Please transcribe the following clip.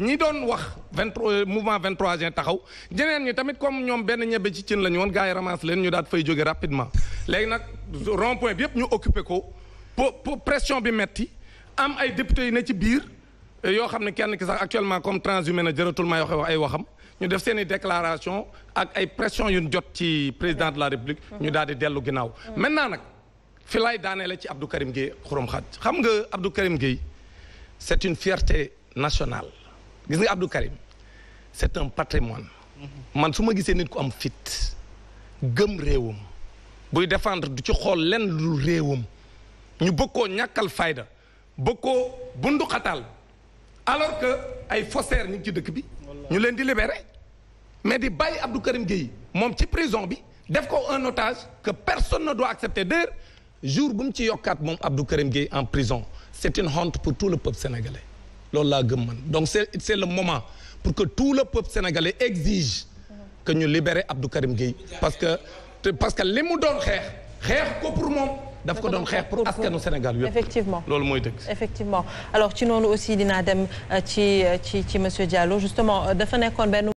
ñi doon wax vingt trois euh, mouvement vingt trois juin taxaw jeneen ñi tamit comme ñoom benn ñebe ci cin la ñu woon gars yi leen ñu daat fay jóge rapidement léegi nag rond point bi yëpp ñu occupé ko po pression bi metti am ay député yi ne ci biir euh, yoo xam ne kenn ki sax actuellement comme transhumé na jëratul may wax ay waxam ñu def seen i déclaration ak ay pression yu jot ci président de la république ñu daal di dellu ginnaaw maintenant nag fi laay daanee la ci Abdou Karim Gueye xurum xaj xam nga Abdou Karim Gueye c'est une fierté nationale gis nga Abdou Karim c'est un patrimoine mhm. man su ma gisee nit ku am fit gëm réewam buy défendre du ci xool lenn lu réewam ñu bëgg koo ñàkkal fayda bëgg koo bundu xataal alors que ay faussaires ñu ngi ci dëkk bi ñu leen di libérer mais di bàyyi Abdou Karim Gueye moom ci prison bi def ko un otage que personne na doit accepter d'ailleurs jour bu mu ci yokkaat moom Abdou Karim Gueye en prison c'est une honte pour tout le peuple sénégalais loolu laa gëm man donc c'est c'est le moment pour que tout le peuple sénégalais exige que ñu libérer Abdou Karim Gueye parce que parce que li mu doon xeex xeex ko pour moom daf ko doon xeex pour askanu Sénégal yëpp effectivement loolu mooy dëgg effectivement alors ci noonu aussi dinaa dem euh, ci euh, ci ci monsieur Diallo justement euh, dafa nekkoon benn